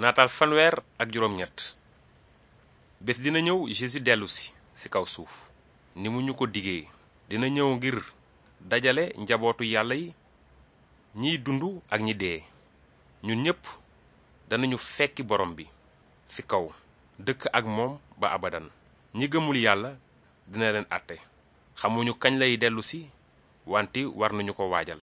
naataal fanweer ak juróom-ñett bés dina ñëw Jésus dellusi ci kaw suuf ni mu ñu ko diggee dina ñëw ngir dajale njabootu yàlla yi ñiy dund ak ñi dee ñun ñépp danañu fekki borom bi ci kaw dëkk ak moom ba abadan ñi gëmul yàlla dina leen àtte xamuñu kañ lay dellusi si wante war nañu ko waajal